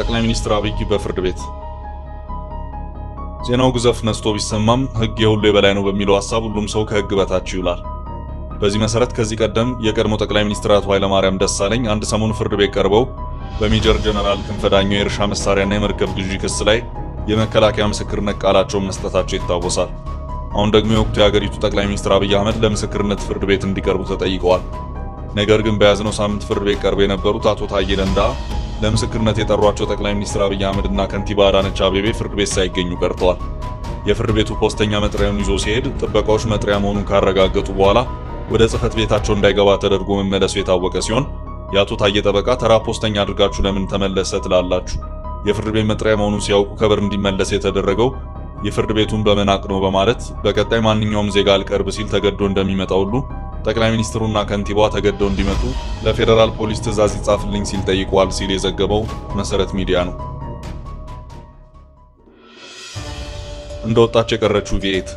ጠቅላይ ሚኒስትር አብይ በፍርድ ቤት ዜናው ግዘፍ ነስቶ ቢሰማም ህግ የሁሉ የበላይ ነው በሚለው ሐሳብ ሁሉም ሰው ከህግ በታች ይውላል። በዚህ መሰረት ከዚህ ቀደም የቀድሞ ጠቅላይ ሚኒስትር አቶ ኃይለማርያም ደሳለኝ አንድ ሰሞን ፍርድ ቤት ቀርበው በሜጀር ጀነራል ክንፈ ዳኘው የእርሻ መሳሪያና የመርከብ ግዢ ክስ ላይ የመከላከያ ምስክርነት ቃላቸውን መስጠታቸው ይታወሳል። አሁን ደግሞ የወቅቱ የአገሪቱ ጠቅላይ ሚኒስትር አብይ አህመድ ለምስክርነት ፍርድ ቤት እንዲቀርቡ ተጠይቀዋል። ነገር ግን በያዝነው ሳምንት ፍርድ ቤት ቀርበው የነበሩት አቶ ታዬ ደንዳ ለምስክርነት የጠሯቸው ጠቅላይ ሚኒስትር አብይ አህመድ እና ከንቲባ አዳነች አቤቤ ፍርድ ቤት ሳይገኙ ቀርተዋል። የፍርድ ቤቱ ፖስተኛ መጥሪያውን ይዞ ሲሄድ ጥበቃዎች መጥሪያ መሆኑን ካረጋገጡ በኋላ ወደ ጽህፈት ቤታቸው እንዳይገባ ተደርጎ መመለሱ የታወቀ ሲሆን የአቶ ታዬ ጠበቃ ተራ ፖስተኛ አድርጋችሁ ለምን ተመለሰ ትላላችሁ? የፍርድ ቤት መጥሪያ መሆኑን ሲያውቁ ከበር እንዲመለስ የተደረገው የፍርድ ቤቱን በመናቅ ነው በማለት በቀጣይ ማንኛውም ዜጋ አልቀርብ ሲል ተገዶ እንደሚመጣ ሁሉ ጠቅላይ ሚኒስትሩና ከንቲባዋ ተገደው እንዲመጡ ለፌዴራል ፖሊስ ትዕዛዝ ይጻፍልኝ ሲል ጠይቋል ሲል የዘገበው መሰረት ሚዲያ ነው። እንደወጣች የቀረችው ቪኤት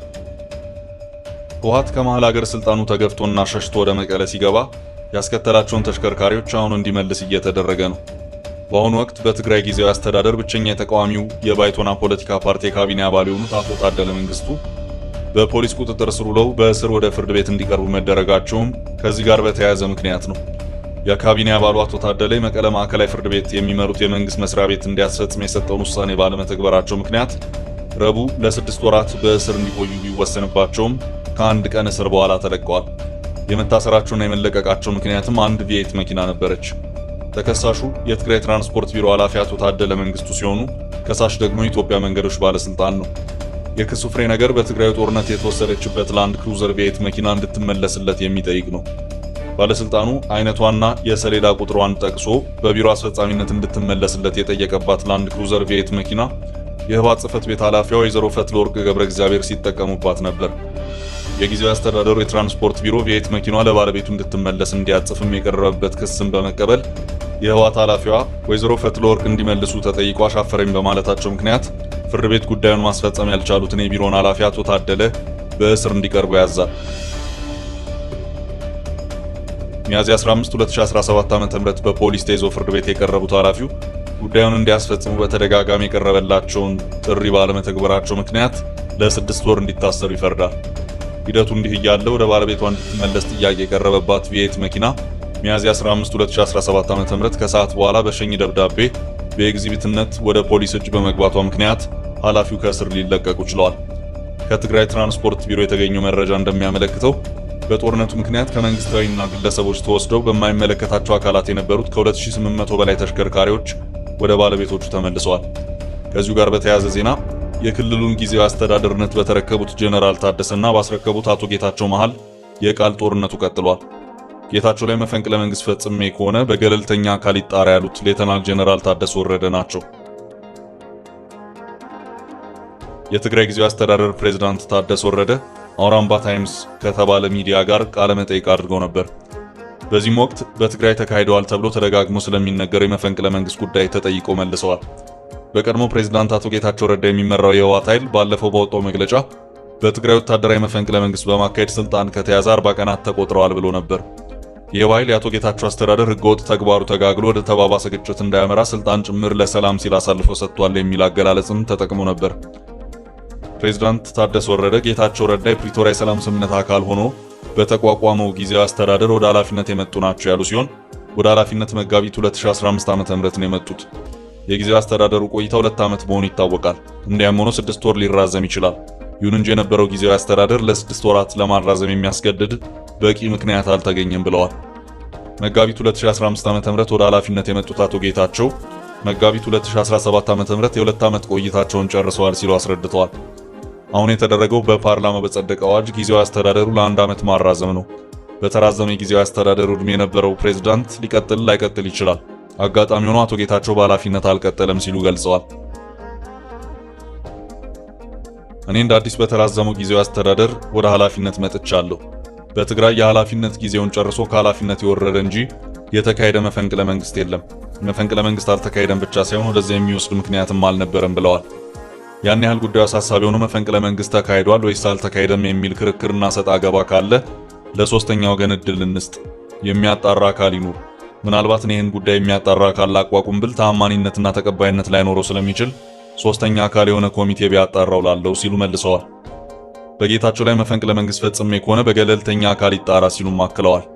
ህወሓት ከመሃል ሀገር ስልጣኑ ተገፍቶና ሸሽቶ ወደ መቀለ ሲገባ ያስከተላቸውን ተሽከርካሪዎች አሁን እንዲመልስ እየተደረገ ነው። በአሁኑ ወቅት በትግራይ ጊዜያዊ አስተዳደር ብቸኛ የተቃዋሚው የባይቶና ፖለቲካ ፓርቲ ካቢኔ አባል የሆኑት አቶ ታደለ መንግስቱ በፖሊስ ቁጥጥር ስር ውለው በእስር ወደ ፍርድ ቤት እንዲቀርቡ መደረጋቸውም ከዚህ ጋር በተያያዘ ምክንያት ነው። የካቢኔ አባሉ አቶ ታደለ መቀለ ማዕከላዊ ፍርድ ቤት የሚመሩት የመንግስት መስሪያ ቤት እንዲያስፈጽም የሰጠውን ውሳኔ ባለመተግበራቸው ምክንያት ረቡዕ ለስድስት ወራት በእስር እንዲቆዩ ቢወሰንባቸውም ከአንድ ቀን እስር በኋላ ተለቀዋል። የመታሰራቸውና የመለቀቃቸው ምክንያትም አንድ ቪኤት መኪና ነበረች። ተከሳሹ የትግራይ ትራንስፖርት ቢሮ ኃላፊ አቶ ታደለ መንግስቱ ሲሆኑ ከሳሽ ደግሞ የኢትዮጵያ መንገዶች ባለስልጣን ነው። የክሱ ፍሬ ነገር በትግራይ ጦርነት የተወሰደችበት ላንድ ክሩዘር ቤት መኪና እንድትመለስለት የሚጠይቅ ነው። ባለስልጣኑ አይነቷና የሰሌዳ ቁጥሯን ጠቅሶ በቢሮ አስፈጻሚነት እንድትመለስለት የጠየቀባት ላንድ ክሩዘር ቤት መኪና የህወሓት ጽሕፈት ቤት ኃላፊዋ ወይዘሮ ፈትለወርቅ ገብረ እግዚአብሔር ሲጠቀሙባት ነበር። የጊዜያዊ አስተዳደሩ የትራንስፖርት ቢሮ ቤት መኪኗ ለባለቤቱ እንድትመለስ እንዲያጽፍም የቀረበበት ክስም በመቀበል የህወሓት ኃላፊዋ ወይዘሮ ፈትለወርቅ እንዲመልሱ ተጠይቆ አሻፈረኝ በማለታቸው ምክንያት ፍርድ ቤት ጉዳዩን ማስፈጸም ያልቻሉትን የቢሮውን ኃላፊ አቶ ታደለ በእስር እንዲቀርቡ ያዛል። ሚያዝያ 15 2017 ዓ.ም በፖሊስ ተይዞ ፍርድ ቤት የቀረቡት ኃላፊው ጉዳዩን እንዲያስፈጽሙ በተደጋጋሚ የቀረበላቸውን ጥሪ ባለመተግበራቸው ምክንያት ለስድስት ወር እንዲታሰሩ ይፈርዳል። ሂደቱ እንዲህ እያለ ወደ ባለቤቷ እንድትመለስ ጥያቄ የቀረበባት ቪኤት መኪና ሚያዝያ 15 2017 ዓ.ም ከሰዓት በኋላ በሸኝ ደብዳቤ በኤግዚቢትነት ወደ ፖሊስ እጅ በመግባቷ ምክንያት ኃላፊው ከእስር ሊለቀቁ ችለዋል። ከትግራይ ትራንስፖርት ቢሮ የተገኘው መረጃ እንደሚያመለክተው በጦርነቱ ምክንያት ከመንግስታዊና ግለሰቦች ተወስደው በማይመለከታቸው አካላት የነበሩት ከ2800 በላይ ተሽከርካሪዎች ወደ ባለቤቶቹ ተመልሰዋል። ከዚሁ ጋር በተያያዘ ዜና የክልሉን ጊዜያዊ አስተዳደርነት በተረከቡት ጀነራል ታደሰና ባስረከቡት አቶ ጌታቸው መሃል የቃል ጦርነቱ ቀጥሏል። ጌታቸው ላይ መፈንቅለ መንግስት ፈጽሜ ከሆነ በገለልተኛ አካል ይጣራ ያሉት ሌተናል ጀነራል ታደሰ ወረደ ናቸው። የትግራይ ጊዜያዊ አስተዳደር ፕሬዝዳንት ታደሰ ወረደ አውራምባ ታይምስ ከተባለ ሚዲያ ጋር ቃለ መጠይቅ አድርገው ነበር። በዚህም ወቅት በትግራይ ተካሂደዋል ተብሎ ተደጋግሞ ስለሚነገረው የመፈንቅለ መንግስት ጉዳይ ተጠይቀው መልሰዋል። በቀድሞ ፕሬዝዳንት አቶ ጌታቸው ረዳ የሚመራው የህወሓት ኃይል ባለፈው በወጣው መግለጫ በትግራይ ወታደራዊ መፈንቅለ መንግስት በማካሄድ ስልጣን ከተያዘ 40 ቀናት ተቆጥረዋል ብሎ ነበር። ይህ ኃይል የአቶ ጌታቸው አስተዳደር ህገወጥ ተግባሩ ተጋግሎ ወደ ተባባሰ ግጭት እንዳያመራ ስልጣን ጭምር ለሰላም ሲል አሳልፎ ሰጥቷል የሚል አገላለጽም ተጠቅሞ ነበር። ፕሬዝዳንት ታደሰ ወረደ ጌታቸው ረዳ የፕሪቶሪያ የሰላም ስምምነት አካል ሆኖ በተቋቋመው ጊዜያዊ አስተዳደር ወደ ኃላፊነት የመጡ ናቸው ያሉ ሲሆን ወደ ኃላፊነት መጋቢት 2015 ዓ.ም ነው የመጡት። የጊዜያዊ አስተዳደሩ ቆይታ ሁለት ዓመት መሆኑ ይታወቃል። እንዲያም ሆኖ ስድስት ወር ሊራዘም ይችላል። ይሁን እንጂ የነበረው ጊዜያዊ አስተዳደር ለስድስት ወራት ለማራዘም የሚያስገድድ በቂ ምክንያት አልተገኘም ብለዋል። መጋቢት 2015 ዓ.ም ወደ ኃላፊነት የመጡት አቶ ጌታቸው መጋቢት 2017 ዓ.ም የሁለት ዓመት ቆይታቸውን ጨርሰዋል ሲሉ አስረድተዋል። አሁን የተደረገው በፓርላማ በጸደቀ አዋጅ ጊዜያዊ አስተዳደሩ ለአንድ ዓመት ማራዘም ነው። በተራዘመ የጊዜያዊ አስተዳደሩ ዕድሜ የነበረው ፕሬዝዳንት ሊቀጥል ላይቀጥል ይችላል። አጋጣሚ ሆኖ አቶ ጌታቸው በኃላፊነት አልቀጠለም ሲሉ ገልጸዋል። እኔ እንደ አዲስ በተራዘመው ጊዜያዊ አስተዳደር ወደ ኃላፊነት መጥቻለሁ። በትግራይ የኃላፊነት ጊዜውን ጨርሶ ከኃላፊነት የወረደ እንጂ የተካሄደ መፈንቅለ መንግስት የለም። መፈንቅለ መንግስት አልተካሄደም ብቻ ሳይሆን ወደዚያ የሚወስድ ምክንያትም አልነበረም ብለዋል። ያን ያህል ጉዳዩ አሳሳቢ ሆኖ መፈንቅለ መንግስት ተካሂዷል ወይስ አልተካሄደም የሚል ክርክርና ሰጣ አገባ ካለ ለሶስተኛ ወገን እድል እንስጥ፣ የሚያጣራ አካል ይኑር። ምናልባት ይህን ጉዳይ የሚያጣራ አካል አቋቁም ብል ተአማኒነትና ተቀባይነት ላይኖረው ስለሚችል ሶስተኛ አካል የሆነ ኮሚቴ ቢያጣራው ላለው ሲሉ መልሰዋል። በጌታቸው ላይ መፈንቅለ መንግስት ፈጽሜ ከሆነ በገለልተኛ አካል ይጣራ ሲሉም አክለዋል።